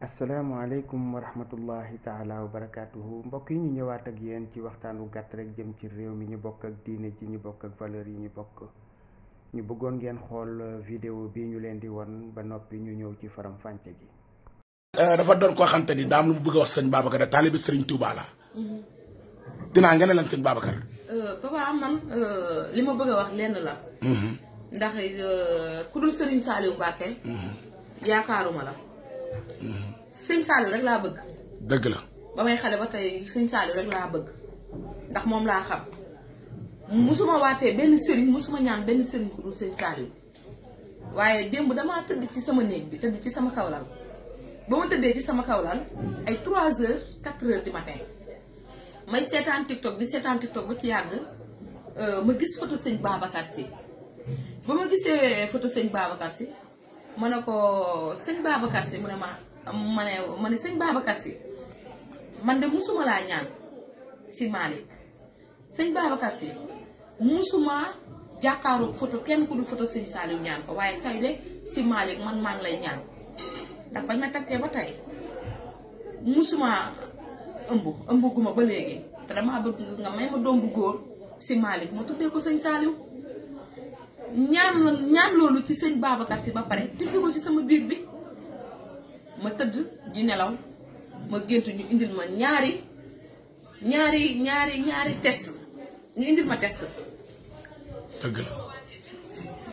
asalaamaaleykum wa rahmatullahi taala wa barakaatuhu mbokk yi ñu ñëwaat ak yéen ci waxtaan wu gàtt jëm ci réew mi ñu bokk ak diine ci ñu bokk ak valeur yi ñu bokk ñu bëggoon ngeen xool euh, vidéo bii ñu leen di won ba noppi ñu ñëw ci faram fànce gi. Euh, dafa doon ko xamante ni daam lu mu bëgg a wax sëñ Babacar taalibi sëriñ Touba mm-hmm. dinaa ngeen lan sëñ Babacar. Euh, papa man li ma bëgg a wax lenn la. Mm-hmm. ndax ku dul sëriñ Saliou Mbacke. Mm-hmm. yaakaaruma la. sëñ Saliou rek laa bëgg. dëgg la. ba may xale ba tey sëñ Saliou rek laa bëgg ndax moom laa xam musuma waatee benn sëriñ musuma ñaan benn sëriñ ku dul sëñ Saliou waaye démb damaa tëdd ci sama néeg bi tëdd ci sama kawlal ba ma tëddee ci sama kawlal ay 3 heures 4 heures du matin may seetaan TikTok di seetaan TikTok ba ci yàgg euh, ma gis photo sëñ Babacar si ba ma gisee photo sëñ Babacar si ma ne ko sëñ Babacar si mu ne ma ma ma sëñ Babacar si man de musuma laa ñaan si Malick sëñ Babacar si musuma jàkkaaru photo kenn ku du photo sëñ Saliou ñaan waaye tey de si man maa ngi lay ñaan ndax bañ ma takkee ba tey musuma ëmb ëmb ba léegi te bëgg nga may ma doom góor si Malick tuddee ko sëñ Saliou ñaan ñaan loolu ci sëñ Babacar si ba pare te ci sama biir bi ma tëdd di nelaw ma gént ñu indil ma ñaari ñaari ñaari ñaari test ñu indil ma test. dëgg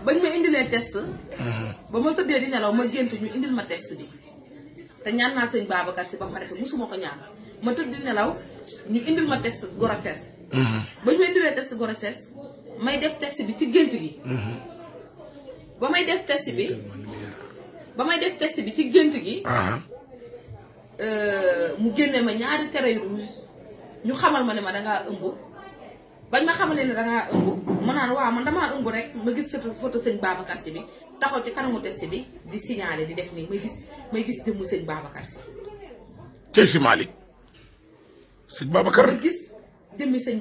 bañ ma indilee test. Uh-huh. ba ma tëddee di nelaw ma gént ñu indil ma test bi te ñaan naa seen Babacar si ba mu arrêté musuma ko ñaan ma tëdd di nelaw ñu indil ma test grossesse. Uh-huh. bañ ma indilee test grossesse may def test bi ci gént gi. Uh-huh. ba may def test bi. ba may def test bi ci gént gi. Euh, mu génne ma ñaari tere rouge ñu xamal ma ne ma dangaa ëmb. bañ ma xamalee ne dangaa ëmb ma naan waa man damaa ëmb rek ma gis sa photo sëñ Babacar si bi taxaw ci kanamu test bi di signaler di def nii may gis may gis jëmmu sëñ Babacar si. tey si Malick. sëñ Babacar ma gis jëmmi sëñ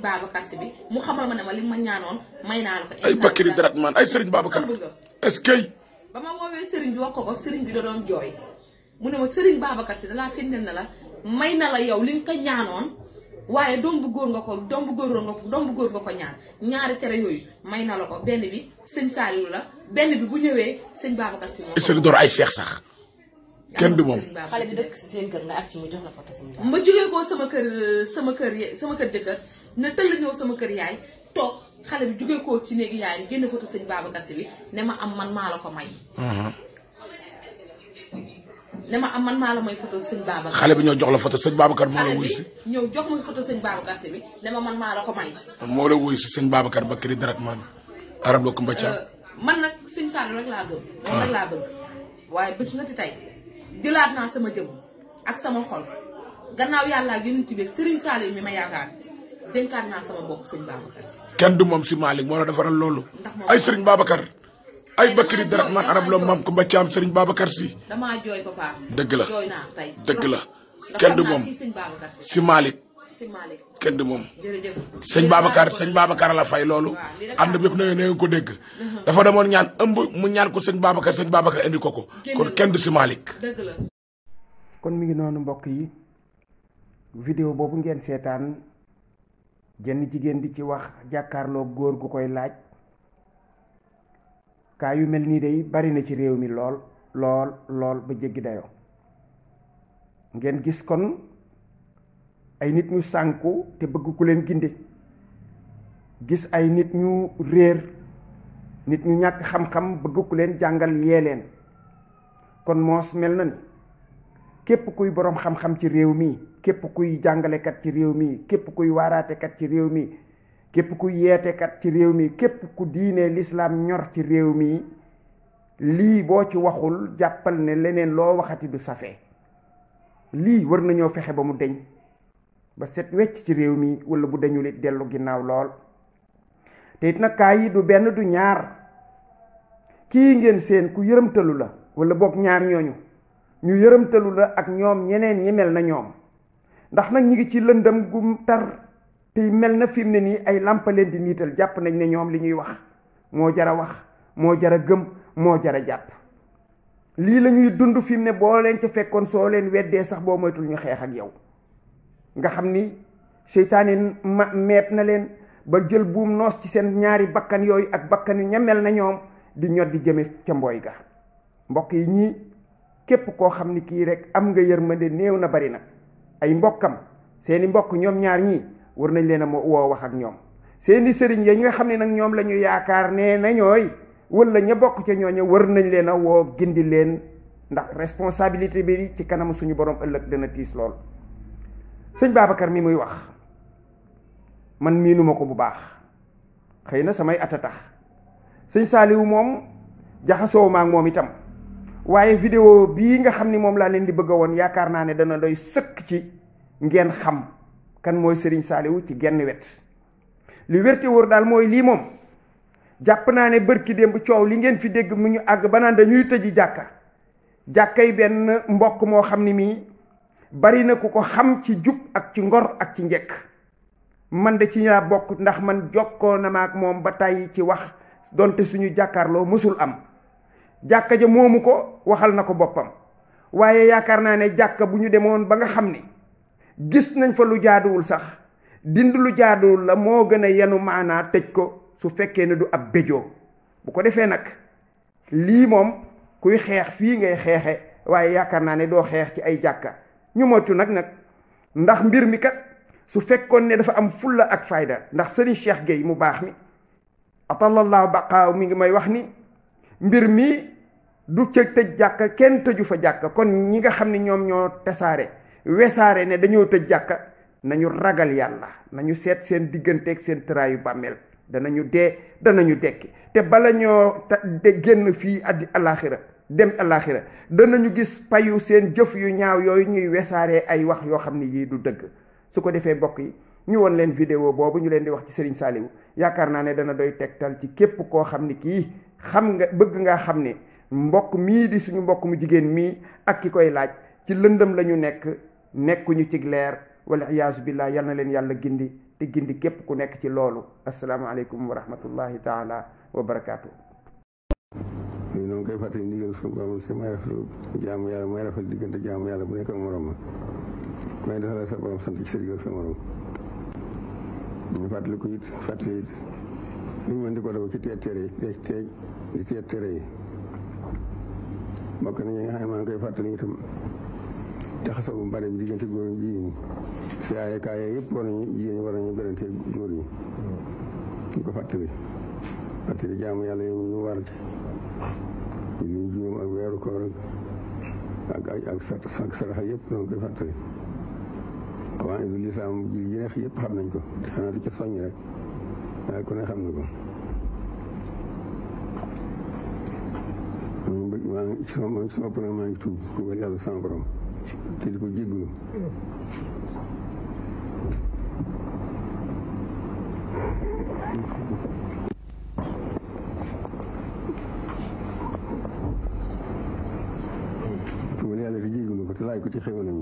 si bi mu xamal ma ne ma li ma ñaanoon may naa la ko. ay Bakary Darathmane ay Serigne Babacar est ba ma woowee sëriñ bi wax ko sëriñ bi da doon jooy mu ne ma sëriñ Babacar si dalaa firndeel na la may na la yow li nga ko ñaanoon waaye doom bu góor nga ko doom bu góor nga ko doom bu góor nga ko ñaan ñaari tere yooyu may na la ko benn bi sëñ Saliou la benn bi bu ñëwee sëñ Babacar si moom. sëriñ door ay seex sax. kenn du xale bi dëkk seen kër nga agsi mu jox la photo ma jógee koo sama kër sama kër sama kër jëkkër na tëll ñëw sama kër yaay toog. xale bi jugee koo ci néegi yaayam génn foto sëñ Babacar Sy bi ne ma am man maa la ko may. Mhm. ne ma am man maa la may photo sëñ Babacar. xale bi ñoo jox la photo sëñ Babacar moo la wuyu si. ñëw jox ma photo sëñ Babacar si bi ne ma man maa la ko may. moo la wuyu si sëñ Babacar ba kër yi man. arab la Kumba Thiam. Euh, man nag sëñ Saliou rek laa gëm. Ah. moom rek laa bëgg. waaye bés nga ci tey jëlaat naa sama jëm ak sama xol gannaaw yàlla ak yonent bi Serigne Saliou dénkaat kenn du moom si Malick moo la defaral loolu. ay sëriñ Babacar. ay Bakary Dara man arab la maam Kumba Thiam sëriñ Babacar si. damaa dëgg la dëgg la. kenn du moom si Malick. kenn du moom. jërëjëf sëñ Babacar sëñ Babacar la fay loolu. ànd bépp na ko dégg. Mhm. dafa demoon ñaan ëmb mu ñaan ko sëñ Babacar sëñ Babacar indi ko ko. kon kenn du si Malick. kon mi ngi noonu mbokk yi. vidéo boobu ngeen seetaan. jenn jigéen di ci wax jàkkaarloo góor gu koy laaj kaa yu mel nii day bari na ci réew mi lool lool lool ba jéggi dayoo ngeen gis kon ay nit ñu sànku te bëgg leen gindi gis ay nit ñu réer nit ñu ñàkk xam-xam bëgg leen jàngal yee leen kon moos mel na ni képp kuy boroom xam-xam ci réew mi képp kuy jàngalekat ci réew mi képp kuy waaraatekat ci réew mi képp kuy yeetekat ci réew mi képp ku diine lislaam ñor ci réew mi lii boo ci waxul jàppal ne leneen loo waxati du safe lii war nañoo fexe ba mu deñ ba set wecc ci réew mi wala bu dañul it dellu ginnaaw lool te it nag yi du benn du ñaar kii ngeen seen ku yërëmtalu la wala boog ñaar ñooñu ñu yërëmtalu la ak ñoom ñeneen ñi na ñoom ndax nag ñi ngi ci lëndëm gu tar te mel na fi mu ne nii ay làmpa di niital jàpp nañ ne ñoom li ñuy wax moo jara wax moo jara gëm moo jara jàpp lii lañuy dund fi mu ne boo leen ca fekkoon soo leen weddee sax boo moytul ñu xeex ak yow nga xam ni seytaane ma meet na leen ba jël buum noos ci seen ñaari bakkan yooyu ak bakkan yu mel na ñoom di ñod di jëme ca mbooy ga mbokk yi ñii képp koo xam ni kii rek am nga yërmande néew na bari na ay mbokkam seeni mbokk ñoom ñaar ñi war nañ leen a woo wax ak ñoom seeni sëriñ ya ñoo xam ne nag ñoom la yaakaar nee na ñooy wala ña bokk ca ñooña war nañ leen a woo gindi leen ndax responsabilité bi ci kanam suñu borom ëllëg dana tiis lool sëñ Babacar mi muy wax man miinuma ko bu baax xëy na samay at a tax sëñ Saaliwu moom jaxasoo ma ak moom itam waaye vidéo bii nga xam ni moom laa leen di bëgg woon yaakaar naa ne dana doy sëkk ci ngeen xam kan mooy sëriñ Saliou ci genn wet li wérte wóor daal mooy lii moom jàpp naa ne bërki démb coow li ngeen fi dégg mu ñu àgg ba naan dañuy tëji jàkka jàkkay benn mbokk moo xam ni mii bari na ku ko xam ci jub ak ci ngor ak ci njekk man de ci ñaa bokk ndax man jokkoo na ak moom ba tàyyi ci wax donte suñu jàkkaarloo mësul am jàkka ja moomu ko waxal na ko boppam waaye yaakaar naa ne jàkka bu ñu demoon ba nga xam ni gis nañ fa lu jaaduwul sax dind lu jaaduwul la moo gën a yenu maanaa tëj ko su fekkee ne du ab béjoo bu ko defee nag lii moom kuy xeex fii ngay xeexe waaye yaakaar naa ne doo xeex ci ay jàkka ñu moytu nag nag ndax mbir mi kat su fekkoon ne dafa am fulla ak fayda ndax sëriñ Cheikh Gueye mu baax mi atallallahu baqaaw mi ngi may wax ni mbir mi du ca tëj jàkka kenn tëju fa jàkka kon ñi nga xam ne ñoom ñoo tasaare wesaare ne dañoo tëj jàkka nañu ragal yàlla nañu seet seen digganteeg seen tëraayu bàmmeel danañu dee danañu dekki te bala ñoo de génn fii addi alaxira dem alaxira danañu gis payu seen jëf yu ñaaw yooyu ñuy wesaaree ay wax yoo xam ne yii du dëgg su ko defee bokk yi ñu woon leen vidéo boobu ñu leen di wax ci Serigne Saliou yaakaar naa ne dana doy tegtal ci képp koo xam ne kii xam nga bëgg nga xam ne mbokk mii di suñu mbokk mu jigéen mii ak ki koy laaj ci lëndam la ñu nekk nekkuñu cig leer wala iyaasu billah yal na leen yàlla gindi te gindi képp ku nekk ci loolu asalaamaaleykum wa rahmatullahi taala wa barakaatu. ñun ñoo ngi koy fàttali ndigal suñu borom si diggante jaamu yàlla bu nekk ak morom ma ku may defal sa borom sant ci sa digal sa morom ñu fàttali ko it fàttali li mu mën di ko defal ci teet tere yi teet teet di teet tere yi. bokk nañu nga xam ne maa ngi koy fàttali itam jaxasoo bu bari bi diggante góor ñi jigéen ñi siyaare kaay yëpp war nañu jigéen ñi war nañu berante góor ñi ñu ko fàttali fàttali jaamu yàlla yow ñu war ci ñu juróom ak weeru koor ak ak saraxa yëpp ñoo ngi koy fàttali waaye du lislaam ji yëpp xam nañ ko xanaa di ca rek waaye ku ne xam na ko maa ngi sama sama borom maa yàlla sama borom te di ko jégalu. ku bëri ko te laaj ko ci xéwal